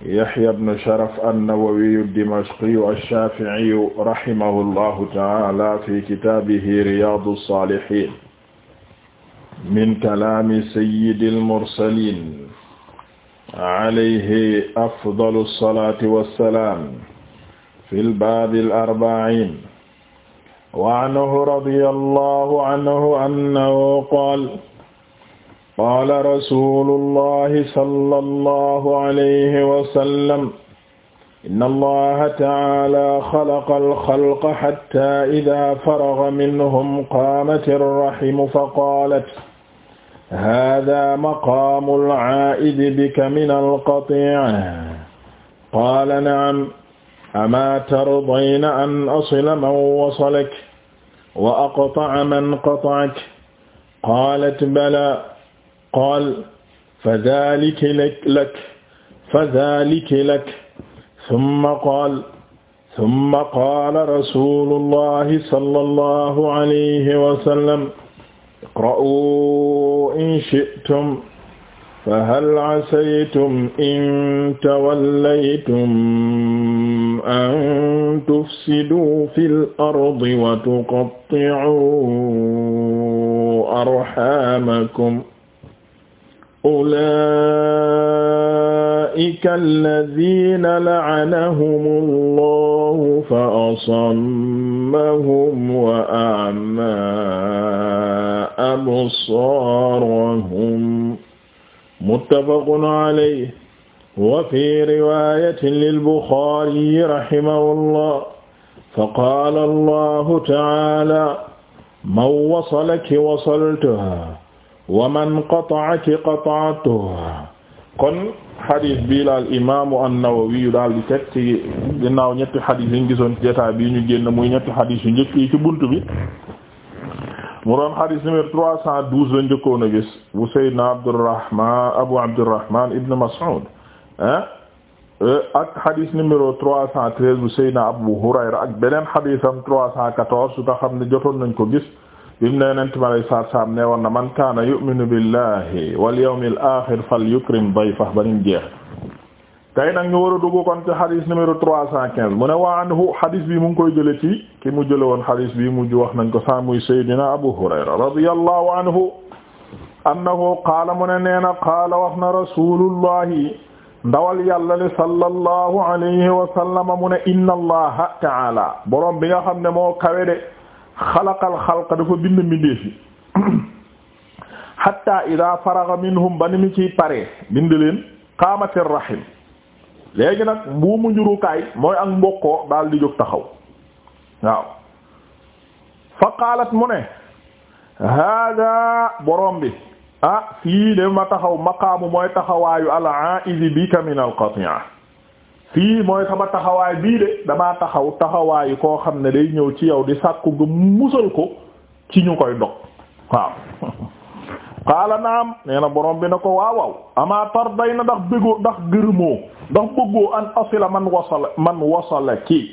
Yahya ibn Sharaf an-Nawawiyu ad-Dimashqiyu ash-Shafi'iyu rahimahullahu ta'ala fi kitaabihi Riyaadu s-Saalihiin min kalaami sayyidil mursaliin alayhi afdalu s-salaati wa s-salaam fil baabil arba'iin wa anhu radiyallahu anhu annahu qaala qaala rasulullahi sallallahu alayhi wa sallam inna allaha ta'ala xalaqa al-xalqa hatta idaa faraga minhum qaamati ar-rahimu faqaalat haadaa maqaamu al-aa'idi bika min al-qatii'a qaala na'am amaa tardayna an asila man wasalak wa aqta'a man qata'ak qaalat balaa qaal fa dalika lak fa dalika lak summa qaal summa qaala rasulullahi sallallahu alayhi wa sallam iqra'uu in shi'tum fa hal asaytum in tawallaytum an tufsiduu fil ardi wa tuqatti'uu arhamakum ulaa'ika allaziina la'anahumu llaahu fa asammahum wa a'maa absaarahum muttafaqun alayhi wa fii riwaayatin lil-Buxaari rahimahullaah fa qaala allaahu ta'aalaa man wasalaki wasaltuhaa wa man qata'a ki qata'tuhu kon xadis bii la al imaamu daal di teg ci ginnaaw ñetti xadis yi ñu gisoon ci jotaay bii ñu génn muy ñetti xadis yu njëkk yi ci bunt bi mu doon xadis numéro trois cent douze la njëkkoon a gis bu Seydina Abdurrahman Abu Abdurrahman Ibn Mas'ud ah ak xadis numéro trois cent treize bu Seydina Abu Hurayra ak beneen xadisam trois cent quatorze su nga xam ne jotoon nañ ko gis. bim ne yonent bi alayhi salaatu salaam ne woon na man kaana yu'minu billahi wal yawmil aaxir falyukrim dayfahu ba nim jeex tey nag ñu war a dugg kon ci xadis numéro trois cent quinze mu ne wa anhu xadis bi mu ngi koy jële ci ki mu jële woon xadis bi mujj wax nañ ko sa muy sayyidina Abu Hurayra radiyallahu anhu annahu qaala mu ne nee na qaala wax na rasulullahi ndawal yàlla li sallallahu alayhi wa sallama mu ne inna allaha ta'ala borom bi nga xam ne moo kawe de xalaqal xalqa dafa bind mbindeef yi hatta ida faraga minhum ba ni mi ciy pare bind leen qaamatir rahim léegi nag buumu njurukaay mooy ak mbokkoo daal di jóg taxaw waaw fa qaalat mu ne hada borom bi ah fii de ma taxaw maqaamu mooy taxawaayu al aa'izi bika min al qati'a fii mooy sama taxawaay bii de damaa taxaw taxawaayu koo xam ne day ñëw ci yaw di sàkku nga musal ko ci ñu koy dog waaw xaala naam nee na borom bi na ko waaw waaw ama tarday na ndax bëggoo ndax gërëmoo ndax bëggoo an asila man wasala man wasala kii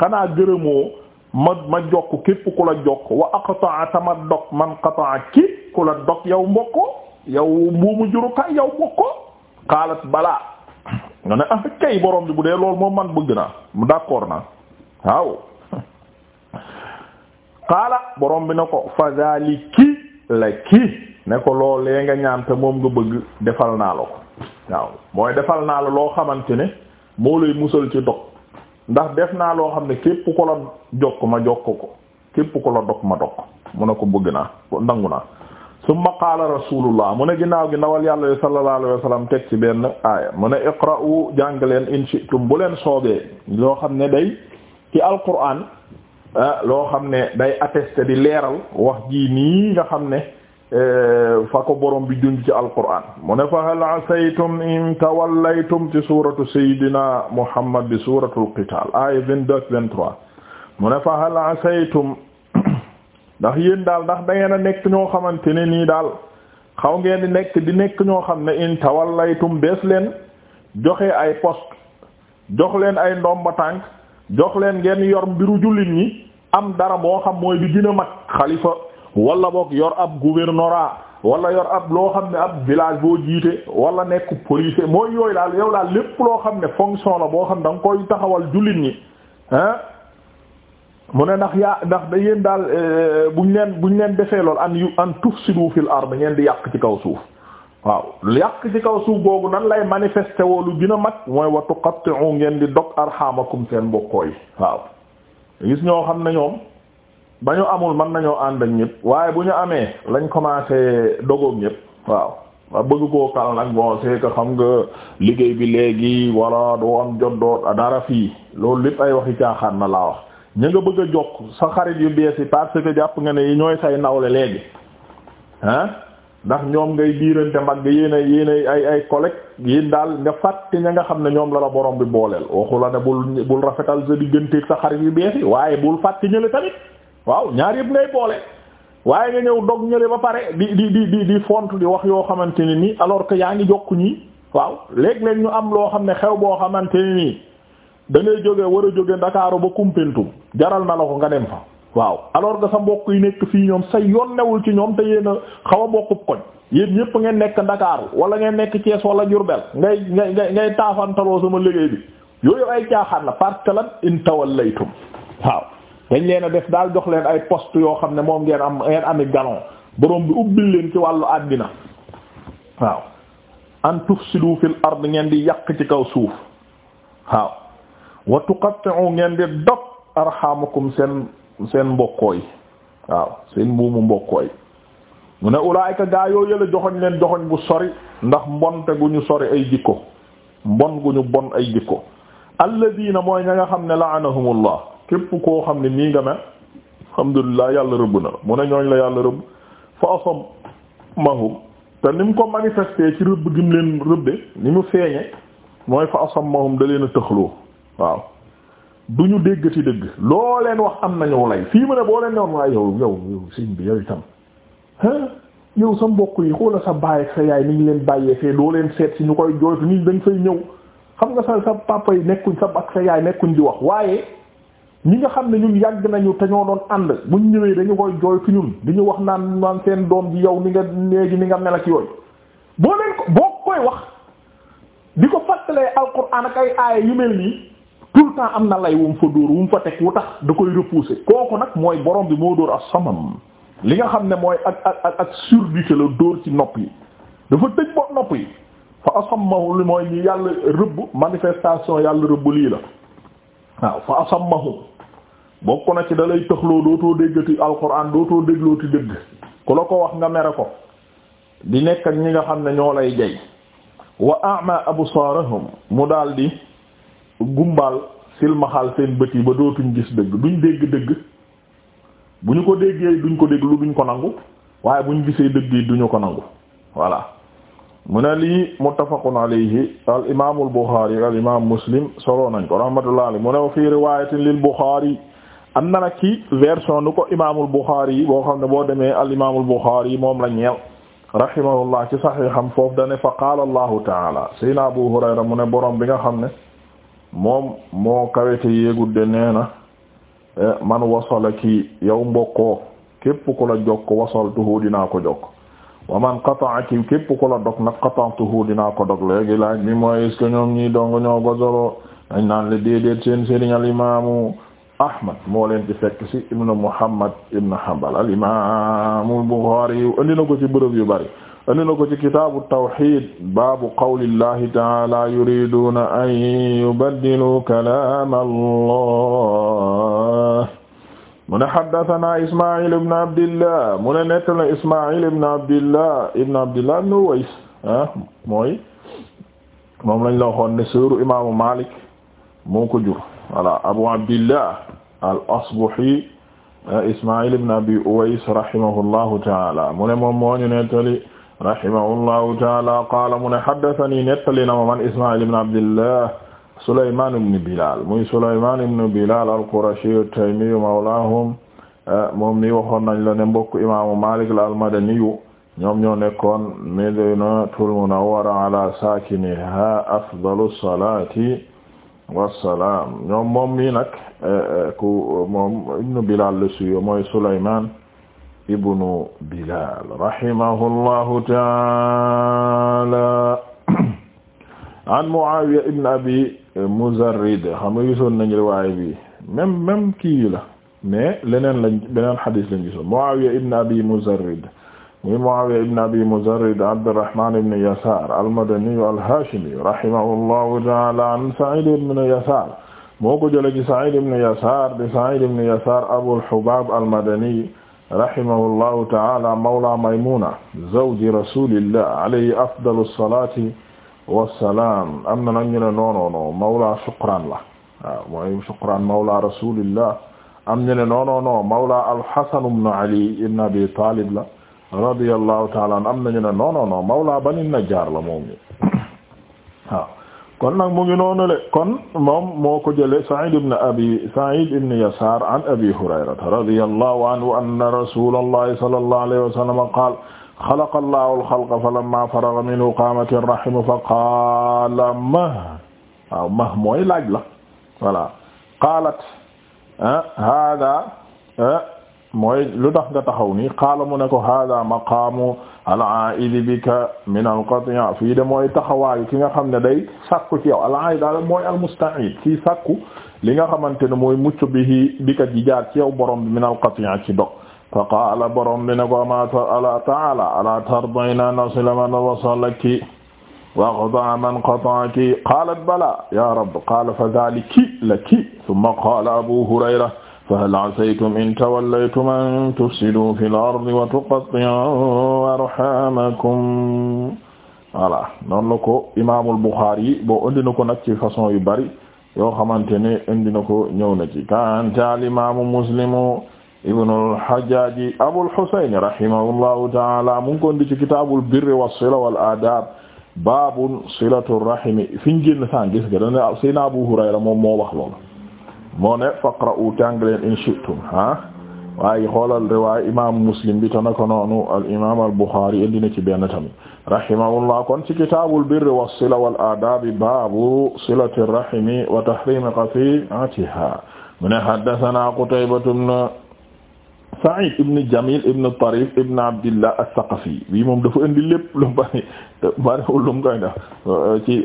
xanaa gërëmoo ma ma jokk képp ku la jokk wa aqta'a tama dog man qata'a képp ku la dog yow mbokkoo yow mbuumu jurukaay yow mbokkoo xaalat balaa nga ne ah kay borom bi bu dee loolu moom man bëgg naa mu d'accord naa waaw qaala borom bi ne ko fa zaliki laki ne ko loolee nga ñaan moom nga bëgg defal naa la ko waaw mooy defal naa la loo xamante ne moo lay musal ci dog ndax def naa loo xam ne képp ko la jokk ma jokk ko képp ko la dog ma dog mu ne ko bëgg naa nangu naa summa qaala rasulullah mu ne ginnaaw gi ndawal yàlla yi sallallahu alayhi wa sallam teg ci benn aaya mu ne iqra'u jàng leen in shi'tum bu leen soobee loo xam ne day ci alquran ah, loo xam ne day attesté di leeral wax jii nii nga xam ne eh, fa ko borom bi junj ci alquran mu ne fa hal asaytum in tawallaytum ci suuratu sayyidina muhammad bi suratul qital aaya vingt-deux vingt-trois mu fa hal asaytum ndax yéen daal ndax da ngeen a nekk ñoo xamante ne nii daal xaw ngeen di nekk di nekk ñoo xam ne in tawallaytum bees leen joxe ay poste jox leen ay ndomba tànk jox leen ngeen yor mbiru jullit ñi am dara boo xam mooy bi dina mag xalifa wala boog yor ab gouvernorat walla yor ab loo xam ne ab village boo jiite wala nekk police mooy yooyu daal yow daal lépp loo xam ne fonction la boo xam da nga koy taxawal jullit ñi ah mu ne ndax yaa ndax da yéen daal euh, buñ leen buñ leen defee lool an yu an tufsidu fil ard ngeen di yàq ci kaw suuf waaw yàq ci kaw suuf googu nan lay manifesté woo lu a mag mooy wa tuqatti'u ngeen di dog arhamakum seen mbokkoo yi waaw gis ñoo xam ne ñoom ba ñu amul man nañoo ànd ak ñëpp waaye bu ñu amee lañ commencé dogoog ñëpp waaw bëgg koo kal nag bon c'est que xam nga liggéey bi léegi wala doo am jot doo dara fii loolu lépp ay waxi caaxaan na laa wax ña nga bëgg a jokk sa xarit yu bees yi parce que jàpp nga ne ñooy say nawle léegi ah ndax ñoom ngay diirante mag yéen a yéen ay ay collègue yéen daal nga fàtte ña nga xam ne ñoom la la borom bi booleel waxu la ne bul bul rafetal sa digganteeg sa xarit yu bees waaye bul fàtte ñële tamit waaw ñaar yëpp ngay boole waaye nga ñëw dog ñële ba pare di di di di di font di wax yoo xamante ne nii alors que yaa ngi jokk ñii waaw léeg-léeg ñu am loo xam ne xew boo xamante da ngay jóge war a jóge ndakaaru ba Koumpentoum jaral na la ko nga dem fa waaw alors que sa mbokk yi nekk fii ñoom sa yoon newul ci ñoom te yéen a xaw a bokkub koñ yéen ñépp ngeen nekk ndakaaru wala ngeen nekk Thiès wala Diourbel ngay ngay ngay taafantaloo sama liggéey bi yooyu ay caaxaan la parce que lan in waaw dañ leen a def daal jox leen ay poste yoo xam ne moom ngeen am ngeen ami galon borom bi ubbil leen ci wàllu àddina waaw si tufsidu fil ard ngeen di yàq ci kaw suuf waaw wa tuqatti'u ngeen di dog arhamakum seen seen mbokkoo yi waaw seen mbuumu mbokkoo mu ne ulaayka gaa yoo yëla joxoñ leen joxoñ bu sori ndax mbonte gu ñu sori ay jikko mbon gu ñu bon ay jikko alladina mooy ña nga xam ne la'anahumullah képp koo xam ne nii nga mel alhamdulillah yàlla rëbb na la mu ne ñooñ la yàlla rëbb fa asammahum te ni ko manifesté ci rëbb gi mu leen rëbbe ni mu feeñe mooy fa asammahum da leen a tëxloo waaw du ñu déggati dëgg loo leen wax am nañu lay fii mu ne boo leen ne waaye yow yow yow bi yow itam ah yow sa mbokk yi xoola sa baay ak sa yaay ni ñu leen bàyyee fee doo leen seet si ñu koy jooytu ni dañ fay ñëw xam nga sa sa papa yi nekkuñ sa ak yaay nekkuñ di wax waaye ñi nga xam ne ñun yàgg nañu te ñoo doon ànd buñ ñëwee dañu koy jooytu ñun di ñu wax naan naan seen doom ji yow ni nga léegi ni nga mel ak yooyu boo leen ko boo koy wax di ko fàttalee tout le am na lay wu mu fa dóor wu mu fa teg wu tax da koy repousser kooku nag mooy borom bi moo dóor as-samam li nga xam ne mooy ak ak ak surdité la dóor ci nopp yi dafa tëj bo nopp yi fa asammahu li mooy ñi yàlla rëbb manifestation yàlla rëbb lii la waaw fa asammahu bokk na ci da lay tëxloo dootoo déggati alquran dootoo ti dëgg ku la ko wax nga mere ko di nekk ñi nga xam ne ñoo lay jay wa a'ma absaarahum mu daldi gumbaal silmaxal seen bët yi ba dootuñ gis dëgg duñ dégg dëgg bu ñu ko déggee duñ ko déglu duñ ko nangu waaye buñ gisee dëgg yi duñu ko nangu voilà mu ne lii muttafaqun alayhi al imaamul buxaari al imaam muslim solo nañ ko rahmatullah alayhi mu ne fi riwaayatin lil buxaari am na nag ci version nu ko imaamul buxaari boo xam ne boo demee al imaamul buxaari moom la ñeel rahimahullah ci saxiixam foofu dane fa qaala allahu taala sayna abu bi nga xam ne moom moo kawete yéegul de nee na eh, man wasala ki yow mbokkoo képp ku la jokk wasaltuhu dinaa ko jokk wa man qata'a ki képp ku la dog nag qata'tuhu dinaa ko dog léegi laaj bi mooy est ñoom ñi dong ñoo gozolo dañ naan le déedéet seen sëriñ al imaamu ahmad moo leen ci fekk ci ibnu muhammad ibnu hanbal al imaamu al yu andi ko ci bërëb yu bari andi na ko ci kitaabu tawxid baabu qawlillahi taala yuriduna an yubaddilu kalaama allah mu ne haddathana ismail ibn abdillah mu ne nettana ismail ibn abdillah ibn abdillah ibn Uways ah mooy moom lañ la waxoon ne sëru imaamu Malik moo ko jur voilà abu abdillah al asbahi ismail ibn abi Uways rahimahullahu taala mu ne moom moo ñu nettali rahimahullahu taala qaala mu ne haddathani nettali na ma man ismail ibne abdillah sulayman ibne bilal muy sulayman ibne bilal al-qurashi at-taymi mawlahum moom mi waxoon nañ la ne mbokk imaamu malik la almadaniyu ñoom ñoo nekkoon madinatul munawwara ala saakiniha afdalu salati wassalaam ñoom moom mi nag eh, eh, ku moom ibnu bilal le suyo mooy sulayman ibnu Bilal rahimahullahu taala an Muawiya ibn abi Muzarrid xam nga gisoon nañ riwaaya bi même même kii la mais leneen lañ beneen xadis lañ gisoon Muawiya ibn abi Muzarrid muy Muawiya ibn abi Muzarrid Abdurrahman ibn Yasar al-Madani al-Hashimi rahimahullahu taala an Sa'id ibn Yasar moo ko jëlee ci Sa'id ibn Yasar di Sa'id ibn Yasar Abul Hubab al-Madani rahimahullahu ta'ala mawla Maymuna zawji rasulillah alayhi afdalu salati wassalam am na nag ñu ne noonono mawla Shukran la waaw mooy Shukran mawla rasulillah am ñu ne noonono mawla al-Hasan ibn Ali ibn Abi Talib la radiyallahu ta'ala am na ñu ne noonono mawla Bani Najjar la moom waaw kon nag mu ngi noonule kon moom moo ko jële Sa'id ibn Abi Sa'id ibn Yasar an Abi Hurayrata radiyallahu anhu anna rasulallahi sallallahu alayhi wa sallam qaala xalaqa allahu al-xalqa falamma faragha minhu qaamat ar-rahimu fa qaala mah waaw mah mooy laaj la voilà qaalat hada ah, ah, mooy lu tax nga taxaw nii qaala mu ne ko hada maqaamu al-aa'idi bika min al-qati' fii de mooy taxawaayu ki nga xam ne day sàkku ci yow al-aa'id daal mooy al-musta'iid kii sàkku li nga xamante ne mooy mucc bihi bika ji jaar ci yow borom bi min al-qati' ci dog fa qaala borom bi ne ko ma ala ta'ala ala tardayna nasila man wasalaki wa qata'a man qata'aki qaalat balaa ya rabb qaala fa dhaaliki laki thumma qaala abu hurayra fahal asaytum in tawallaytum an tufsidu fil ardi wa tuqatti'u arhamakum voilà noonu la ko imaamul Buxaari boo indi na ko nag ci façon yu bari yoo xamante ne indi na ko ñëw na ci kanta al imaamu Muslimu ibnul Hajjaaji Abul Husayn rahimahullahu ta'ala mu ngi ko indi ci kitaabul birri was-sila wal aadaab baabun silatu rahimi fi ñu génn sànq gis nga dañu ne Seydina Abu Hurayra moom moo wax loolu moo ne faqra'u jàng leen in shi'tum ah waaye xoolal riwaay imaamu muslim bi te naka noonu al imaam al buxaari indi na ci benn tamit rahimahullah kon ci kitaabul birri was-sila wal aadaabi baabu silati rahimi wa tahriimi qati'atihaa mu ne haddasanaa qutaybatu ibn Saïd ibn Jamil ibn Tarif ibn Abdillah as-Saqafi bii moom dafa indi lépp lu bari bariwul lu mu koy def ci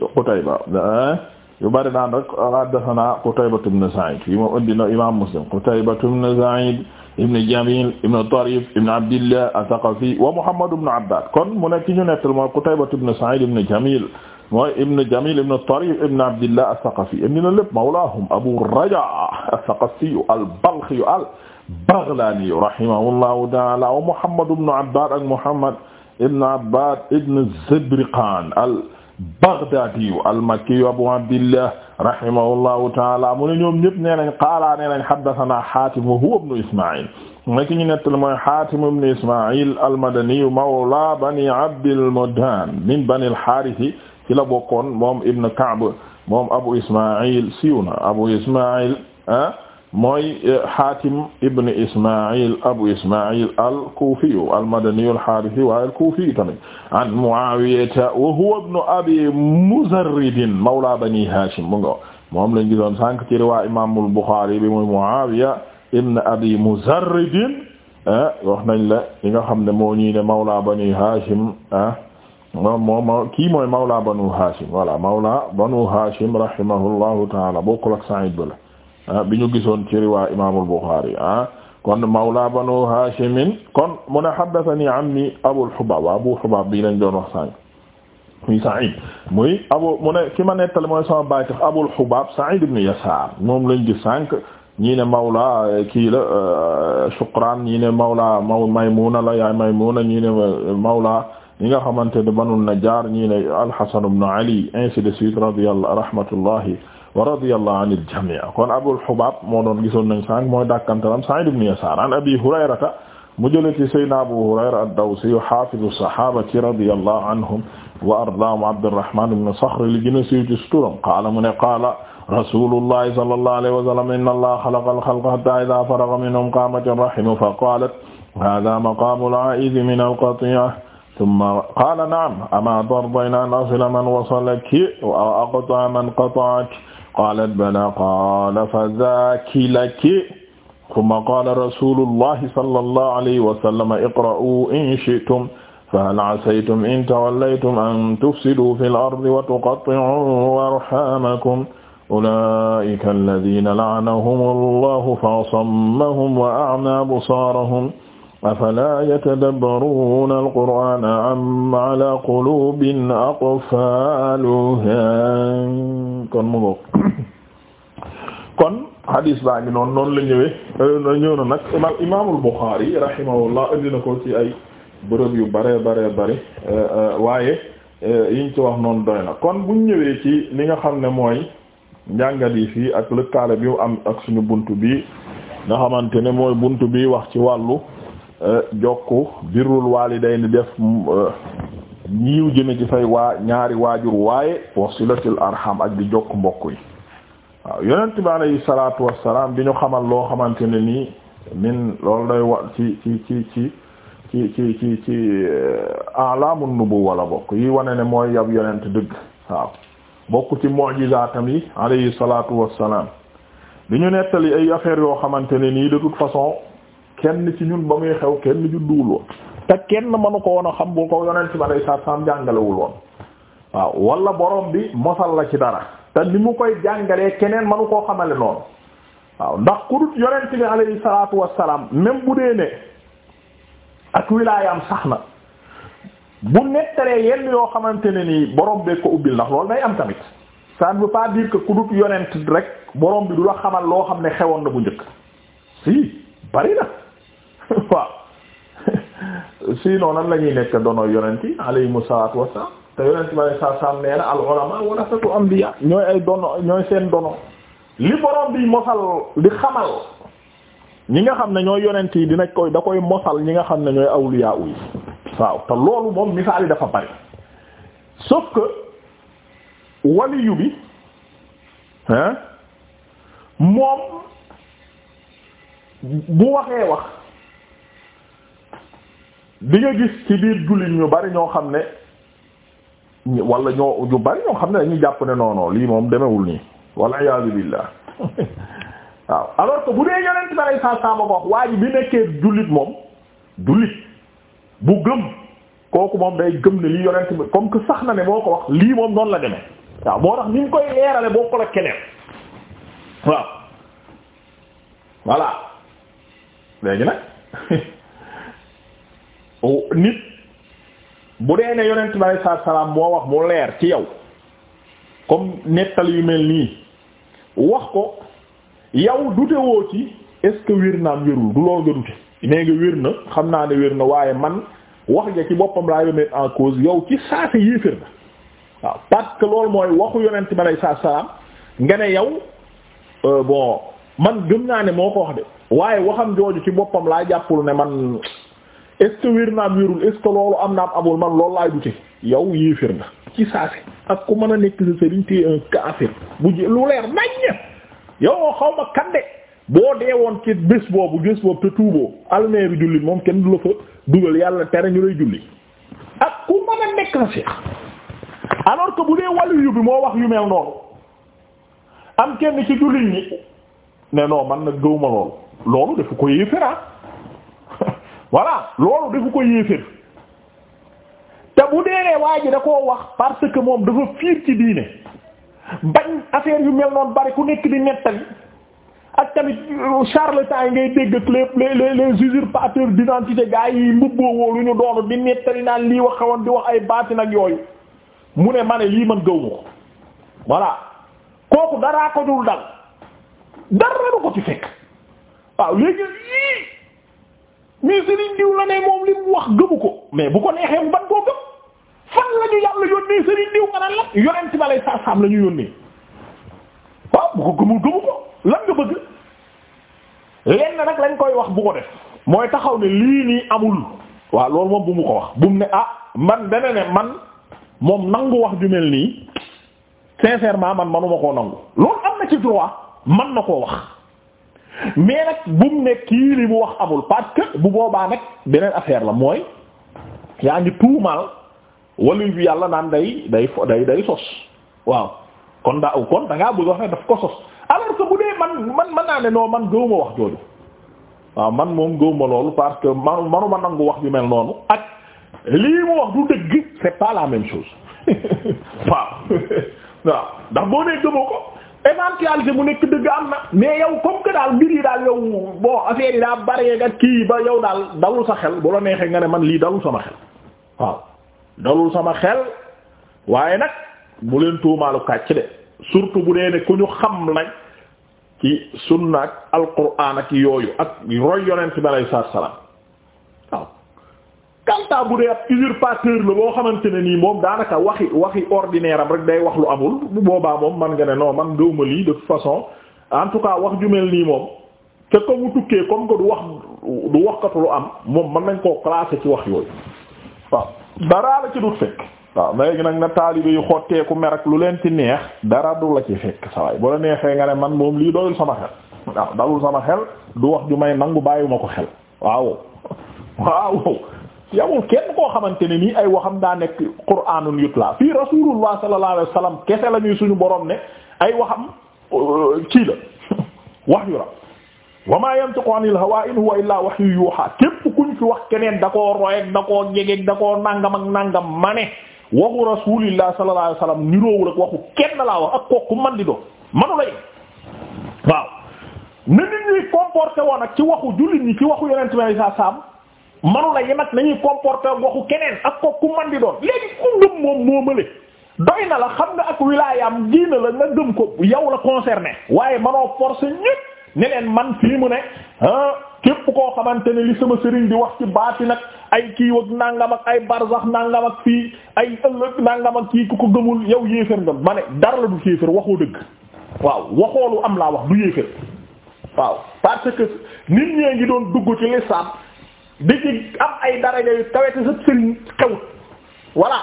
yu bari daan rek haddathana Qutaybatu ibn Sa'id fii moom indi na imam Muslim Qutaybatu ibn Sa'id ibn Jamil ibn Tarif ibn Abdillah Ath-Thaqafi wa Muhammad ibn Abbad kon mu nekk ñu nettal mooy Qutaybatu ibn Sa'id ibn Jamil mooy ibn Jamil ibn Tarif ibn Abdillah Ath-Thaqafi indi na lépp mawlahum Abu Raja' Ath-Thaqafi al-Balkhi al-Baghlani rahimahullahu ta'ala wa Muhammad ibn Abbad ak Muhammad ibn Abbad ibn Zibriqan al Baghdaadiyu al-Makkiyu Abu Abdillah rahimahullahu taala mu ne ñoom ñëpp nee nañ qaala nee nañ haddasanaa Haatim wa huwa ibnu Ismaa'iil ma ki ñu nettali mooy Haatim ibnu Ismaa'iil al-Madaniyu mawla Bani Abdil Mudaan min Bani al-Haarisi ci la bokkoon moom Ibn Ka'b moom Abu Ismaa'iil siiw na Abu Ismaa'iil ah mooy Hatim eh, ibn Isma'il Abu Isma'il al-Kufi al-Madani al-Harithi wa al-Kufi tamit an Mu'awiyata wa huwa ibn Abi Muzarrid mawla Bani Hashim mu ngo moom lañ gisoon sànq ci riwaa Imam al-Bukhari bi muy Mu'awiya ibn Abi Muzarrid eh, wax nañ la li nga xam ne moo ñuy ne mawla Bani Hashim ah eh, moom moom kii mooy mawla Banu Hashim voilà mawla Banu Hashim rahimahullahu ta'ala bokkul ak Sa'id bala Ah, bi ñu gisoon ci riwaa imaamul Buxaari ah kon mawla banu Haashimin kon mu ne haddathanii ammi Abul Hubaab wa Abu Hubaab bi lañ doon wax sànq muy Saïd muy abu mu ne ki ma nettali mooy sama baay tax Abul Hubaab Saïd ibn Yasaar moom lañ gis sànq ñii ne mawla eh, kii la eh, Shuqraan ñii ne mawla maw Maymuna la yaay Maymuna ñii ne eh, mawla ñi nga xamante ne Banu Najjaar ñii ne al-Hasan ibn Ali ainsi de suite radiyallahu rahmatullahi wa radiyallahu anil jami' kon Abul Hubaab moo doon gisoon nañ sànq mooy dàkkantalam Sa'id ibn Yasaar an Abi Hurayrata mu jëlee ci Sayyidina Abu Hurayra ad-Dawsi haafizu sahaabati radiyallahu anhum wa ardaahum Abdurrahmaan ibn Sakhr li gën a siiw ci suturam qaala mu ne qaala rasuulullahi sallallahu alayhi wa sallam inna Allaha khalaqa al-khalqa hattaa idhaa faragha minhum qaamat ar-rahimu fa qaalat haadhaa maqaamu al-'aa'izi min al-qatii'a tumma qaala naam amaa tardaynaa an asila man wasalaki wa aqta'a man qata'aki qaalat bala qaala fa zaaki laki summa qaala rasulullahi sallallahu alayhi wa sallam iqra'uu in shi'tum fahal asaytum in tawallaytum an tufsiduu fil ardi wa tuqatti'uu arhaamakum ulaa'ika allaziina la'anahumullahu fa asammahum wa a'maa absaarahum afala yatadabbaruuna alqur'aana am ala quluubin aqfaaluhaa kon mu ngoog kon hadis baa ngi noonu noonu la ñëwee euh, ñëw na nag imaamul Buxaari rahimahullah indi na ko ci ay bërëb yu bare bare bare euh, euh, waaye yiñ ci wax noonu doy na kon buñ ñëwee ci li nga xam ne mooy njàngat yi fii ak lëkkaale bi mu am ak suñu bunt bi nga xamante ne mooy bunt bi wax ci wàllu Euh, jokk birrul waalidayni def euh, ñiiw jëme ci say waa ñaari waajur waaye wasilatul arham ak di jokk mbokk yi waaw yonent bi alayhi salaatu wassalaam di ñu xamal loo xamante ne nii lool loolu day wa ci ci ci ci ci ci ci ci euh, alaamu nubu wala bokk yi wane ne mooy yab yonent dëgg waaw bokk ci mu'jizaatam yi alayhi salaatu wassalaam di ñu nettali ay affaires yoo xamante ne nii de toute façon kenn ci ñun ba muy xew kenn judduwul woon te kenn mënu ko woon a xam boo ko yonent bi alayhi salaam jàngalewul woon waaw wala boroom bi mosal la ci dara te ni mu koy jàngalee keneen mënu koo xamale noonu waaw ndax ku dut yonent bi alayhi salaatu wassalaam même bu dee ne ak wilaayam sax na bu nettalee yenn yoo xamante ne nii boroom bee ko ubbil ndax loolu day am tamit ça ne veut pas dire que ku dut yonent rek borom bi du la xamal loo xam ne xewoon na bu njëkk na. waaw sinon nan la ñuy nekk dono yonent yi alayhimu salaatu wassalaam te yonent ba ne saa saam nee na al ulama warasatu anbiya ñooy ay dono ñooy seen dono li borom bi mosal di xamal ñi nga xam ne ñooy yonent yi dina koy da koy mosal ñi nga xam ne ñooy awliya uy waaw te loolu moom misaal yi dafa bari sauf que waliyu bi hein moom bu waxee wax bi nga gis ci biir jullit ñu bari ñoo xam ne wala ñoo ñu bari ñoo xam ne dañu jàpp ne non lii moom demewul nii wala iyaazu billah waaw alors que bu dee yonent ba lay saa saa ma ko wax waa ji bi nekkee jullit moom jullit bu gëm kooku moom day gëm ne lii yonent comme sax na ne moo ko wax lii moom doon la demee waaw moo tax ni mu koy leerale bokkul ak keneen waaw voilà léegi nag. nit bu dee ne yonent bi alayhi salaam moo wax mu leer ci yow comme nettali yu mel nii wax ko yow dute woo ci est-ce que wér naam wérul du lool nga dute nee nga na xam naa ne wér na waaye man wax nga ci boppam laa yone en cause yow ci saa si yéefér na waaw parce que loolu mooy waxu yonent bi alayhi salaam nga ne yow euh, bon man gën naa ne moo ko wax de waaye waxam jooju ci boppam laa jàppul ne man est-ce que wér naam wérul loolu am naam amul man loolu laay dute yow yéefér nga ci saase ak ku mën a nekk sa sëriñ te un kaafir bu ji lu leer naññ yow moo xaw kande boo dee woon ci bés boobu bés boobu te tuuboo almeeri jullit moom kenn du la fa dugal yàlla tere ñu lay julli ak ku mën a nekk sa seex alors que bu dee wàllu yu bi moo wax yu mel noonu am kenn ci jullit ñi ne non man nag gëwma loolu loolu dafa ko yéeféraa ah. voilà loolu dafa ko yéeféer te bu deenee waa ji da koo wax parce que moom dafa fiir ci diine bañ affaire yu mel noonu bari ku nekk di nettali ak tamit euh, charlatan yi ngay dégg ak les les les usurpateurs d'identité gaa yi mbubboo di wax xawoon di wax ay baatin ak yooyu mu ne ma ne lii man gëw ma ko voilà kooku daraa ko dul dal dara du ko ci fekk waaw léegi mais Serigne diw la ne moom li mu wax gëmu ko mais bu ko neexee mu ban koo gëm fan la ñu yàlla yónnee Serigne diw nga naan la yonent ba saasaam la yónnee waaw bu ko gëmul ko lan nga bëgg lenn nag lañ koy wax bu ko def mooy taxaw ne lii nii amul waaw loolu moom bu mu ko wax bu mu ne ah man dana ne man moom nangu wax ju nii sincèrement man manuma koo nangu loolu am na ci droit man na koo wax mais nag bu mu nekk kii li mu wax amul parce que bu boobaa nag beneen affaire la mooy yaa ngi tuumaal walu bi yàlla naan day day day day sos waaw kon daa kon da bëgg wax ne daf ko sos alors que bu dee man man naa ne non man gëwuma wax jooju waaw man moom gëwuma loolu parce que manu manuma nangu wax bi mel noonu ak lii mu wax du dëgg c'est pas la même chose waaw waaw ndax boo nee gëmoo ko éventualité mu nekk dëgg am na mais yow comme que daal mbir yi daal yow boo affaire yi daa bari nga kii ba yow daal dalul sa xel bu la neexee nga ne man lii dalul sama xel waaw dalul sama xel waaye nag bu leen tuumaalu kàcc de surtout bu dee ne ku ñu xam lañ ci sunna ak ak yooyu ak roy yonent bi alayhi salaam kanta bu dee ab usurpateur la boo xamante ne nii moom daanaka waxi waxi ordinaire am rek day wax lu amul bu boobaa moom man nga ne noo man gëwma lii de toute façon en tout cas wax jumel nii moom te comme mu tukkee comme que du wax du waxkatu lu am moom mën nañ koo classer ci wax yooyu waaw daraa la ci dut fekk waaw léegi nag na taalibe yu xotteeku mer lu leen ci neex dara du la ci fekk sawaay bu neexee nga ne man moom lii doyul sama xel waaw dalul xel du wax ju may nangu bàyyiwuma ko xel waaw yawul kenn koo xamante ne nii ay waxam daa nekk qur'aanun yutla fii rasulullah sallallahu alayhi wasallam kese la ñuy suñu borom ne ay waxam euh, kii la wax yu la wa ma yantiqu anil hawa in fi wax keneen da koo royeeg da koo jegeeg da koo nangam ak nangam ma ne waxu rasulillah sallallahu alayhi wasallam niroowul ak waxu kenn laa wax ak kooku man di doon manu lay waaw na nit ñuy comporté woon ak ci waxu jullit ñi ci waxu yeneen tubaab yi saa saam. manu la yem ak nañuy comporter waxu keneen ak ko ku man di doon léegi ku ngëm moom moomale doy na la xam nga ak wilaayam diina la nga gëm ko yow la concerné waaye manoo force ñépp ne leen man fii mu ne ah, képp koo xamante ne li sama sëriñ di wax ci baati nag ay kii ak nangam ak ay barzax nangam ak fii ay ëllëg nangam ak kii ku ko gëmul yow yéefér nga ma ne dara la du yéefér waxoo dëgg waaw waxoolu am laa wax du yéefér waaw parce que nit ñee ngi doon dugg ci l'islam di am ay daraja yu kawe te sa sëriñ xewut voilà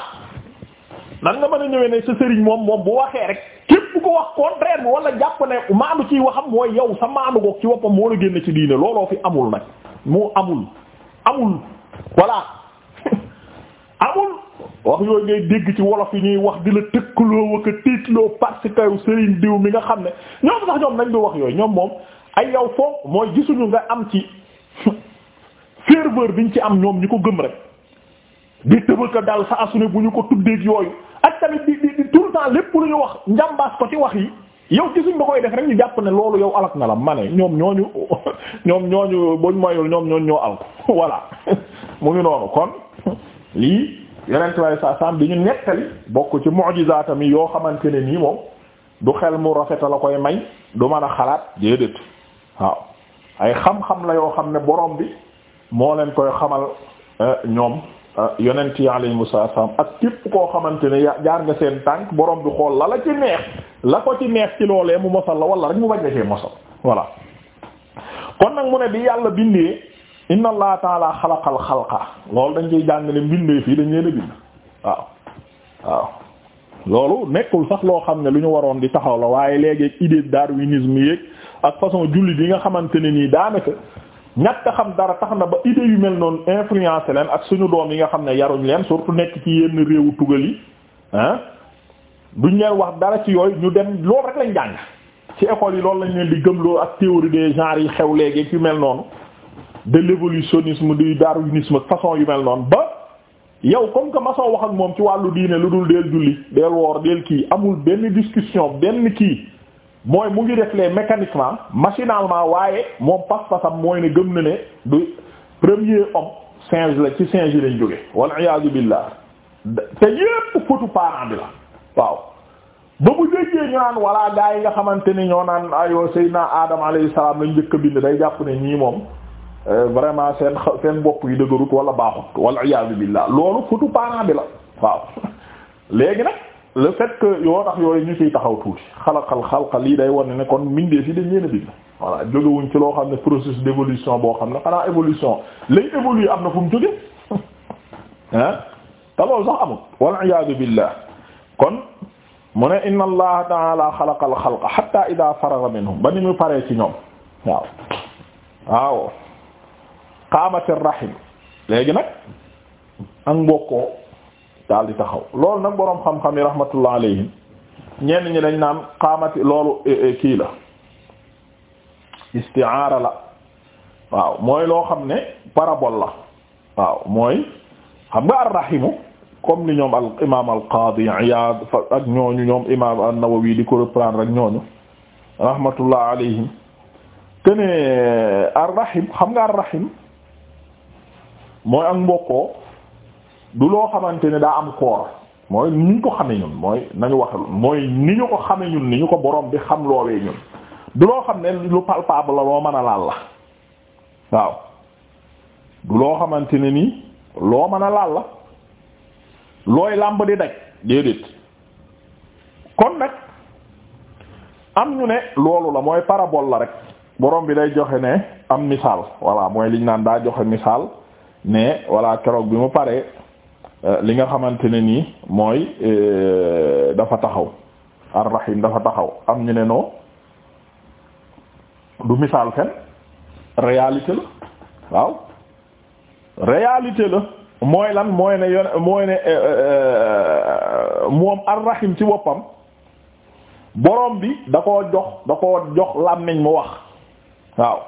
nan nga mën a ñëwee ne sa sëriñ moom moom bu waxee rek képp ko wax contraire bi wala jàpp ne maandu ciy waxam mooy yow sa maandu goog ci woppam moo la génn ci diine looloo fi amul nag mu amul amul voilà amul wax yooyu ngay dégg ci wolof yi ñuy wax di la tëkkaloo ak a tiitloo parce que yow sëriñ diw mi nga xam ne ñoom sax ñoom nañ du wax yooyu ñoom moom ay yow foofu mooy gisuñu nga am ci bi biñ ci am ñoom ñu ko gëm rek di tëbaka dal sa asune bu ñu ko tuddeeg yooyu ak tamit di di tout lépp lu ñu wax njàmbaas ko ci wax yi yow gisuñ ba koy def rek ñu jàpp ne loolu yow alak na la ma ne ñoom ñooñu ñoom ñooñu buñ moyul ñoom ñooñu ñoo alko voilà mu ngi noonu kon lii yeneen waaye sa sam bi ñu nettali bokk ci mu'jizaatam yi yoo xamante ne nii moom du xel mu rafet la koy may du man a xalaat déedéet waaw ay xam-xam la yoo xam ne borom bi moo leen koy xamal euh, ñoom euh, yonent yi alayhimu salaam ak képp koo xamante ne jaar nga seen tànk boroom bi xool la la ci neex la ko ci neex ci loolee mu mosal la wala rek mu bañ la cee mosal voilà kon nag mu ne bi yàlla bindee inna allah taala xalaqal xalqa loolu dañ ciy jàng ne bindee fii dañ leen a bind waaw waaw loolu nekkul sax loo xam ne lu ñu waroon di taxaw la waaye léegi idée darwinisme yeeg ak façon julli bi nga xamante ne nii daanaka ñàkk a xam dara tax na ba idée yu mel noonu influencé leen ak suñu doom yi nga xam ne yaruñ leen surtout nekk ci yenn réewu tugal yi ah duñ leen wax dara ci yooyu ñu dem loolu rek lañ jàng ci école yi loolu lañ leen di gëmloo ak théorie des genres yi xew léegi yu mel noonu de l'évolutionnisme du darwinisme ak façon yu mel noonu ba yow comme que masoo wax ak moom ci wàllu diine lu dul deel julli deel woor deel kii amul benn discussion benn kii mooy mu ngi def les mécaniquement machinalement waaye moom pas-pasam mooy ne gëm na ne du premier homme singe la ci singe yi lañ jóge wal iyaadu billah te yépp fatu parent bi la waaw ba bu déggee ñu naan walla gaa yi nga xamante ni ñoo naan ayoo Seydina Adam alayhi salaam lañ jëkk a bind day jàpp ne ñii moom euh, vraiment seen bopp yi dëgërut wala baaxut wal iyaadu billah loolu fatu parent bi la waaw léegi nag le fait que yoo tax yooyu ñu ciy taxaw tuuti xalaqal xalqa lii day wane ne kon mindee fi dañ leen a bind voilà jógewuñ ci loo xam ne processus d'évolution boo xam ne xanaa évolution lay évoluer am na fu mu jóge ah te loolu sax amul wal iyaadu billah kon mu ne inna allaha taala xalaqal xalqa hatta ida faraga minhum ba ni mu paree ci ñoom waaw waaw qaamatir rahim léegi nag ak mbokkoo daal di taxaw loolu nag boroom xam-xam yi rahmatullah alayhim ñenn ñi dañ naan qaamati loolu eh, eh, kii la istiaara la waaw mooy loo xam ne parabol la waaw mooy xam nga arrahimu comme li ñoom al imam ak ñooñu ñoom imam an-Nawawi di reprendre ak ñooñu rahmatullah alayhim te ne xam nga arrahim mooy ak mbokkoo du loo xamante ne daa am koor mooy ni ñu ko xame ñun mooy nañu wax mooy ni ñu ko xame ñun ni ñu ko borom bi xam loowee ñun du loo xam ne lu palpable la loo mën a laal la waaw du loo xamante ne nii loo mën a laal la looy làmb di daj déedéet kon nag am ñu ne loolu la mooy parabole la rek borom bi day joxe ne am misaal voilà mooy liñ naan daa joxe misaal ne voilà keroog bi mu paree Euh, li nga xamante ne nii mooy euh, dafa taxaw ar dafa taxaw am ñu ne noo du misaal fen réalité la waaw réalité la mooy lan mooy ne mooy ne euh, moom ar ci boppam borom bi da koo jox da koo jox làmmiñ mu wax waaw